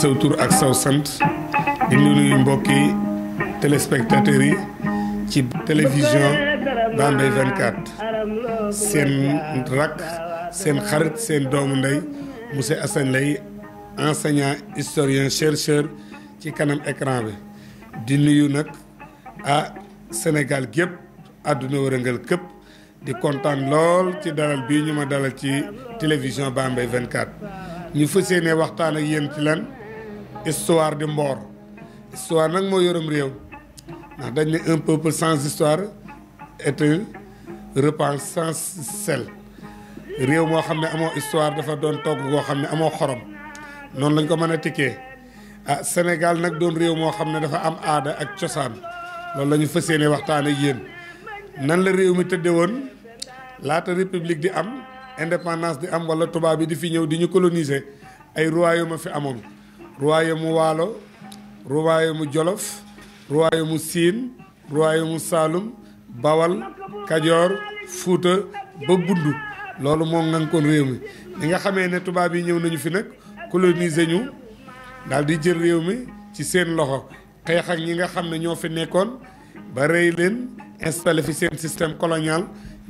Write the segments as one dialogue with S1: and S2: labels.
S1: saw tour ak saw sant di nuyu mbokki téléspectateurs yi ci télévision Bambey 24 seen rakk seen xarit seen doomu ndey monsieur Assane Lay enseignant historien chercheur ci kanam ecran bi di nuyu nag ah Sénégal gépp àdduna wërëngal képp di kontaan lool ci dalal bii ñu ma dalal ci télévision Bambey 24 ñu fas yéene waxtaan ak yéen ci lan histoire di mboor histoire nag moo yorom réew ndax dañ ne un peuple sans histoire est un sans sel réew moo xam ne amoo histoire dafa doon togg koo xam ne amoo xorom noonu lañ ko mën a tikkee ah Sénégal nag doon réew moo xam ne dafa am aada ak cosaan loolu la ñu fas yéene waxtaan yéen nan la réew mi tëdde woon laata république di am indépendance di am wala tubaab bi di fi ñëw di ñu coloniser ay royaume a fi amoon mu waalo mu jolof mu siin mu saalum bawal kajoor fuuta ba bundu loolu moom moo ngànkoon réew mi li nga xamee ne tubaab yi ñëw nañu fi nag coloniser ñu daal di jël réew mi ci seen loxo xeex ak ñi nga xam ne ñoo fi nekkoon ba rëy leen installé fi seen système colonial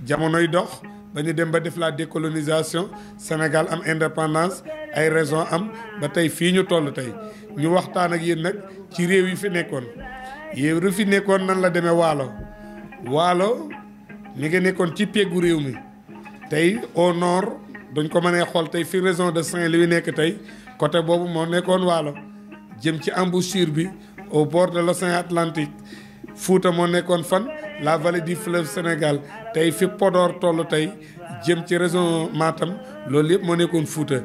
S1: jamonoy dox ba dem ba def la décolonisation Sénégal am indépendance ay raison am ba tey fii ñu toll tey ñu waxtaan ak yéen nag ci réew yi fi nekkoon yéen fi nekkoon nan la demee waalo waalo mi ngi nekkoon ci peggu réew mi tey au nord dañ ko mënee xool tey fi région de Saint-Louis nekk tey côté boobu moo nekkoon waalo jëm ci embouchure bi au bord de l'océan Atlantique fuuta moo nekkoon fan la vallée du fleuve Sénégal tey fi Podor toll tey jëm ci région maatam loolu yëpp moo nekkoon fuuta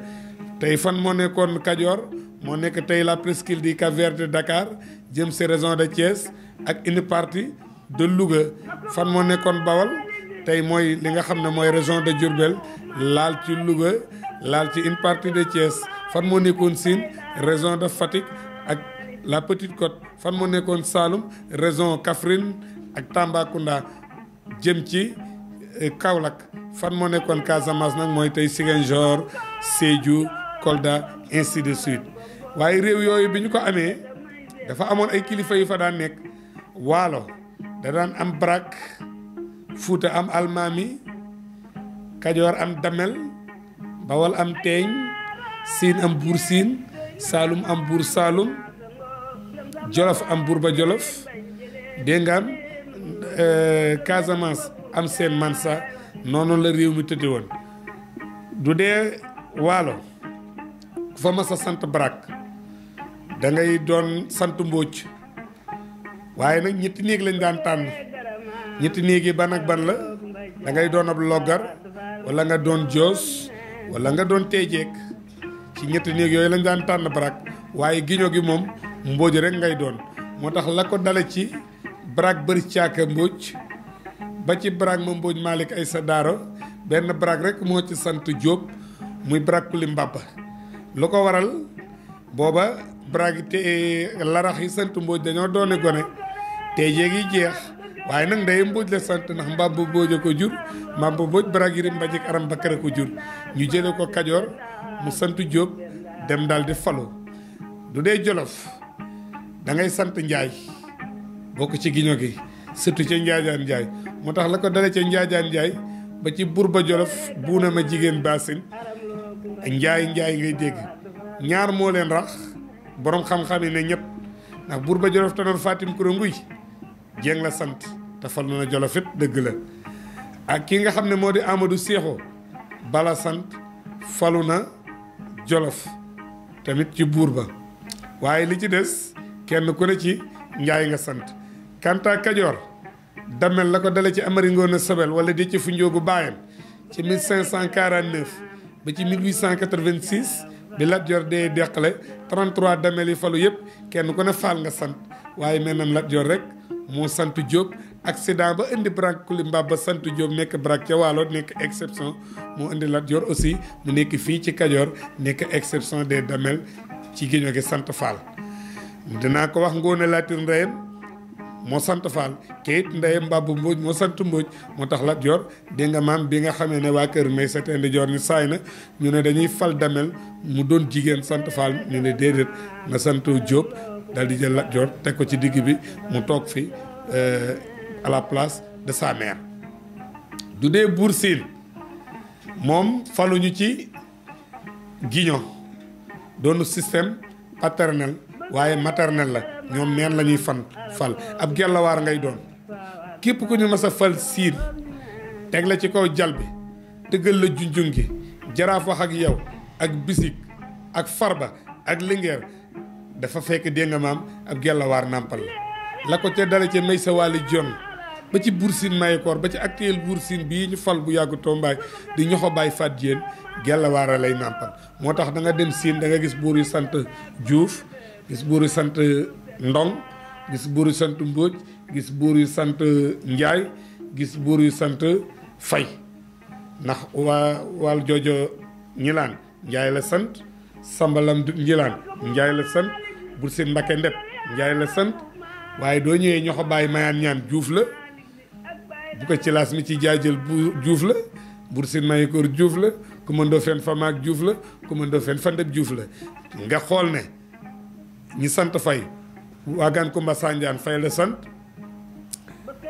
S1: tey fan moo nekkoon Kajoor moo nekk tey la presqu'île du Cap-Vert de Dakar jëm si région de Thiès ak une partie de Louga fan moo nekkoon Bawal tey mooy li nga xam ne mooy région de Diourbel laal ci Louga laal ci une partie de Thiès fan moo nekkoon Sine région de Fatick ak la Petite Côte fan moo nekkoon Saloum région Kaffrine ak Tambacounda jëm ci euh, Kaolack fan moo nekkoon Casamance nag mooy tey Ziguinchor Sédhiou Kolda ainsi de suite waaye réew yooyu bi ñu ko amee dafa amoon ay kilifa yu fa daan nekk waalo da daan am barak fuuta am almaami kajoor am damel bawal am teeñ siin am buur siin saalum am buur saalum jolof am buur ba jolof dégg nga am euh, am seen mansa noonu la réew mi tëddi woon du dee waalo ku fa mas sant barak da ngay doon sant mbóoj waaye nag ñetti néeg lañ daan tànn ñetti néeg yi ban ak ban la dangay doon ab loggar wala nga doon joos wala nga doon teejeek ci ñetti néeg yooyu lañ daan tànn barak waaye giño gi moom mbóoj rek ngay doon moo tax la ko dale ci barak bëri caaka mbóoj ba ci barak ma mbóoj Malick ay sa daaro benn barak rek moo ci sant Jóob muy barak kuli mbàbba lu ko waral booba te eh, larax yi sant mbooj dañoo doone gone te jéegi jeex waaye nag ndey mbooj la sant ndax mbàmb mbooj a ko jur mbàmb mbooj bragiri mbajik aram bakkara ko jur ñu jële ko kajoor mu sant jóob dem daal di falu du dee jolof dangay sant njaay bokk ci giño gi surtout ca njaajaan njaay moo tax la ko dale ca njaajaan njaay ba ci buur ba jolof buuna ma jigéen baasin njaay njaay ngay dégg ñaar moo leen rax borom xam-xam yi ne ñëpp ndax buur ba jolof tanoor Fatim Koura Nguy Dieng la sant te fal na jolof it dëgg la ak kii nga xam ne moo di Amadou Seexo bala sant falu na jolof tamit ci buur ba waaye li ci des kenn ku ne ci njaay nga sant kanta kajoor damel la ko dale ci amari ngoon a sobel wala di ci fu njoogu baayam ci 1549 ba ci 1886 bi Lat Joor dee deqale 33 damel yi falu yëpp kenn ku ne faal nga sant waaye mel na Lat Joor rek moo sant jóg accident ba indi Brak Kulimba ba sant jóg nekk Brak ca Waalo nekk exception moo indi Lat Joor aussi mu nekk fii ci Kajoor nekk exception des damel ci géño gi sant Fall dinaa ko wax Ngoone Latir Ndeyem moo sant Fall kayit ndeye mbabbu Mbodj moo sant Mbodj moo tax Lat Joor dégg nga maam bi nga xamee ne waa kër May Sete Ndi Joor ni saay na ñu ne dañuy fal damel mu doon jigéen sant Fall ñu ne déedéet nga sant Diop daal di jël Lat Joor teg ko ci digg bi mu toog fi euh, à la place de sa du dee Buur Siin moom faluñu ci Guignon doonu système paternel. waaye maternel la ñoom neen la ñuy fan fal ab gellawaar ngay doon képp ku ñu mas a fal siin teg la ci kaw jal bi tëggal la junjung gi jaraaf wax ak yow ak bisik ak farba ak lingeer dafa fekk dégg nga maam ab gellawaar nàmpal la la ko ca dale ca may sa wàlli jon ba ci buur siin mayekoor ba ci actuel buur siin bii ñu fal bu yàgg tombaay di ñoxo baay faat jéen gellawaar a lay nàmpal moo tax danga nga dem siin da nga gis buur yu sant Juuf gis buur yu sant Ndong gis buur yu sant Mbóoj gis buur yu sant Njaay gis buur yu sant Fay ndax waa waal joojo ñilaan Njaay la sant sambalam du njilaan Njaay la sant bur seen Mbake Ndeb Njaay la sant waaye doo ñëwee ñoxo bàyyi mayaan ñaan juuf la bu ko ci laas mi ci jaajël bu juuf la bur sin mayikoor juuf la ku mandoo fen famaak juuf la ku mandoo fen fandeb juuf la nga xool ne ñi sant fay waagaan Kumba Sanjaan fay la sant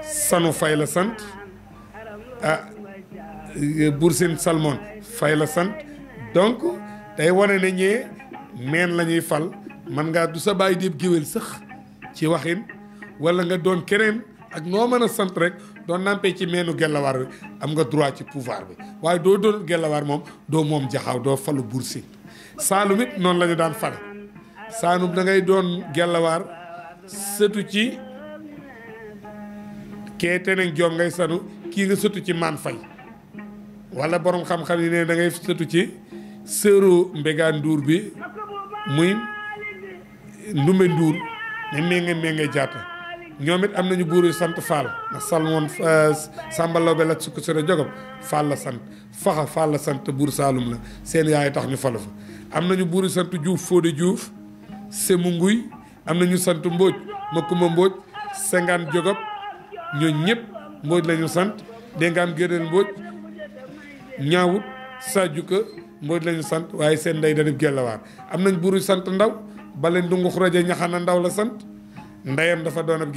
S1: sanu fay la sant ah euh, Boursine Salmon fay la sant donc day wane ne ñee meen la fal man nga du sa bàyyi déeb géwél sax ci waxin wala nga doon keneen ak noo mën a sant rek doon nampé ci meenu gellawaar bi am nga droit ci pouvoir bi waaye doo doon gellawaar moom doo moom jaxaaw doo falu Boursine Saalum it noonu lañu daan fale saanub dangay doon gelawaar sëtu ci kee teneen joom ngay sanu kii nga sëtu ci maan fay wala boroom xam-xam yi ne dangay ngay sëtu ci sëru mbegaan nduur bi muy ndumbe nduur ne ménge ménge jaata ñoom it am nañu buur yu sant Fall ndax Salmon euh, Samba Lawbe la sukk sore jogam Fall la sant faxa Fall la sant buur Saalum la seen yaay tax ñu falu fa am nañu buur sant Diouf Fodé Diouf Semu Nguy am na ñu sant Mbóoj Makumba Mbóoj Sengaan Jogop ñooñ ñëpp Mbóoj lañu sant Dengaam Gédéel Mbóoj ñaawut Sadio Ka Mbóoj la sant waaye seen ndey dañu gellawaar am nañ buuru sant ndaw bale ndungu xuraja ñaxana ndaw la sant ndeyam dafa doon ab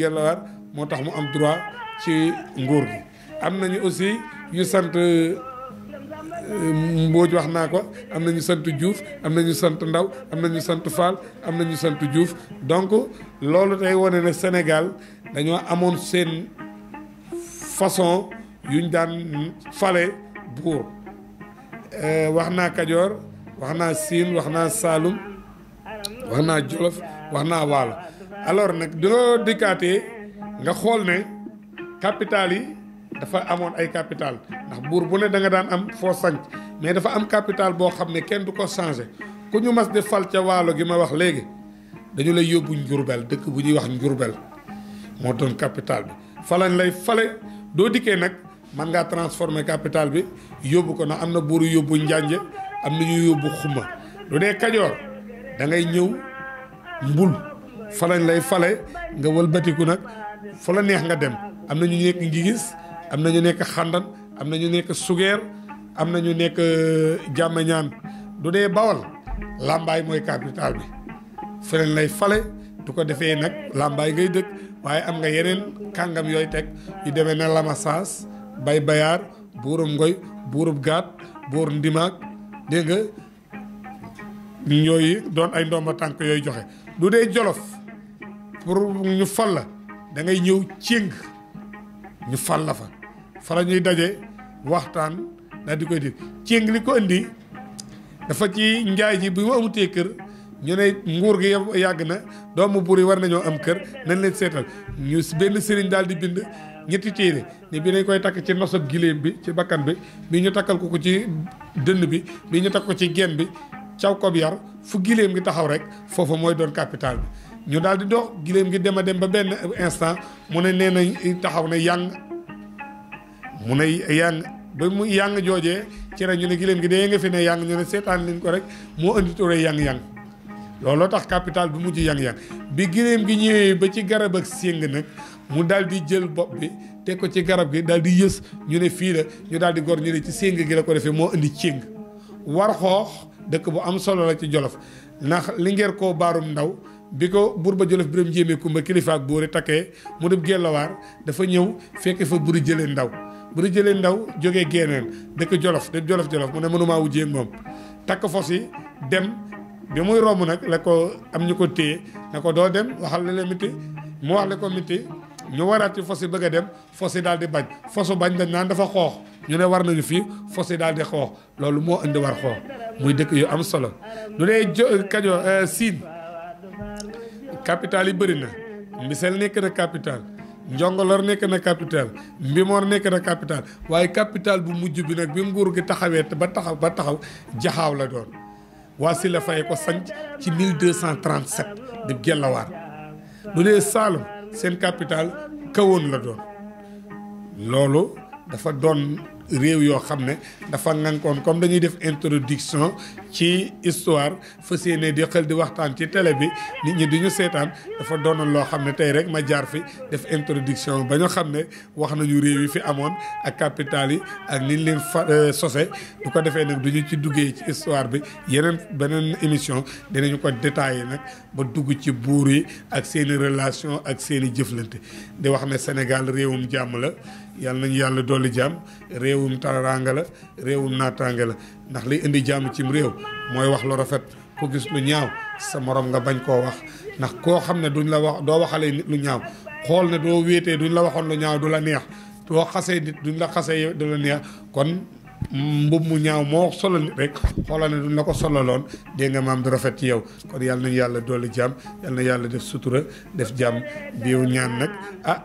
S1: moo tax mu am droit ci nguur gi am nañu aussi yu sant Euh, Mbóoj wax naa ko am na ñu sant Diouf am na ñu sant Ndaw am na ñu sant Fall am na ñu sant Diouf donc loolu tey wane na Sénégal dañoo amoon seen façon yuñ daan fale buur euh, wax naa Kajoor wax naa Siin wax naa Saalum wax naa Jolof wax naa Waalo alors nag doo dikkaatee nga xool ne capital yi dafa amoon ay capital ndax buur bu ne da nga daan am foo sanc mais dafa am capital boo xam ne kenn du ko changé ku ñu mas di fal ca waalo gi ma wax léegi dañu lay yóbbu njurbel dëkk bu ñuy wax njurbel moo doon capital bi falañ lay fale doo dikkee nag man ngaa transformer capital bi yóbbu ko na am na buur yóbbu njànj am na ñu yóbbu xuma lu dee kajoor da ngay ñëw mbul falañ lay fale nga wëlbatiku nag fu la neex nga dem am na ñu nekk ngigis am na ñu nekk xàndan am na ñu nekk sugeer am na ñu nekk euh, jàmmañaan du dee bawal làmbaay mooy capital bi feneen lay fale du ko defee nag làmbaay ngay dëkk waaye am nga yeneen kàngam yooy teg yu demee na lamasaas bay bayaar buurum ngoy buurub gaat buur ndimaag dégg nga doon ay ndomba tànk yooy joxe du dee jolof pour ñu fal la dangay ngay ñëw céng ñu fal la fa fa ñuy daje waxtaan daal di koy dégg ceeng li ko indi dafa ci njaay ji bi ma amutee kër ñu ne nguur gi yàgg na doomu buur yi war nañoo am kër nañ leen seetal ñu benn sëriñ daal di bind ñetti téere ne bi nañ koy takk ci nosab giléem bi ci bakkan bi bii ñu takkal ko ko ci dënn bi bi ñu takk ko ci genn bi caw ko bi yar fu giléem gi taxaw rek foofu mooy doon capital bi ñu daal di dox giléem gi dem a dem ba benn instant mu ne nee nañ taxaw na yàng mu ne yang ba mu yang joojee ci rek ñu ne giléem gi dee nga fi ne yang ñu ne seetaan leen ko rek moo indi ture yang-yang looloo tax capital bi mujj yang-yang bi giléem gi ñëwee ba ci garab ak sing nag mu daal di jël bopp bi teg ko ci garab gi daal di yës ñu ne fii la ñu daal di gor ñu ne ci sing gi la ko defee moo indi céng war xoox dëkk bu am solo la ci jolof ndax li ngeer koo baarum ndaw bi ko buur ba jolof biram jéemee kumba kilifa ak buuri takkee mu dem gellowaar dafa ñëw fekk fa buri jëlee ndaw bu nu jëlee ndaw jóge génneen dëkk jolof dem jolof jolof mu ne mënumaa wujjee moom takk fos yi dem bi muy romb nag la ko am ñu ko téye na ko doo dem waxal la leen miti mu wax la ko miti ñu waraat ci fos yi bëgg a dem fos yi daal di bañ fosu bañ dañ naan dafa xoox ñu ne war nañu fii fos yi daal di xoox loolu moo indi war xoox muy dëkk yu am solo lu ne jo euh, kajo euh, siin capital yi bëri na Mbiseel nekk na capital Njongoloor nekk na capital Mbimoor nekk na capital waaye capital bu mujj bi nag bi nguur gi taxawee ba taxaw ba taxaw jaxaaw la doon waa si la fay ko sanc ci 1237 di Gelawaar bu dee Saalum seen capital kawoon la doon loolu dafa doon réew yoo xam ne dafa ngankoon comme dañuy def introduction ci histoire fas yéene di xel di waxtaan ci télé bi nit ñi di seetaan dafa doonoon loo xam ne tey rek ma jaar fi def introduction ba ñu xam ne wax nañu réew yi fi amoon ak capital yi ak niñ leen fa euh, sose bu ko defee nag du ñu ci duggee ci histoire bi yeneen beneen émission dinañu ko yi nag ba dugg ci buur yi ak seeni relation ak seeni jëflante di wax ne Sénégal réewum jàmm la yàlla nañu yàlla dolli jàmm réewum taraanga la réewum naataange la ndax liy indi jàmm cim réew mooy wax lu rafet ku gis lu ñaaw sa moroom nga bañ koo wax ndax koo xam ne duñ la wax doo waxalee nit lu ñaaw xool ne doo wéetee duñ la waxoon lu ñaaw du la neex doo xasee nit duñ la xasee du la neex kon mbub mu ñaaw moo solo nit rek xoolal ne duñ la ko sololoon loon nga maam du rafet ci yow kon yàlla nañ yàlla dolli jàmm yàlla yàlla def sutura def jàmm biiw ñaan nag ah,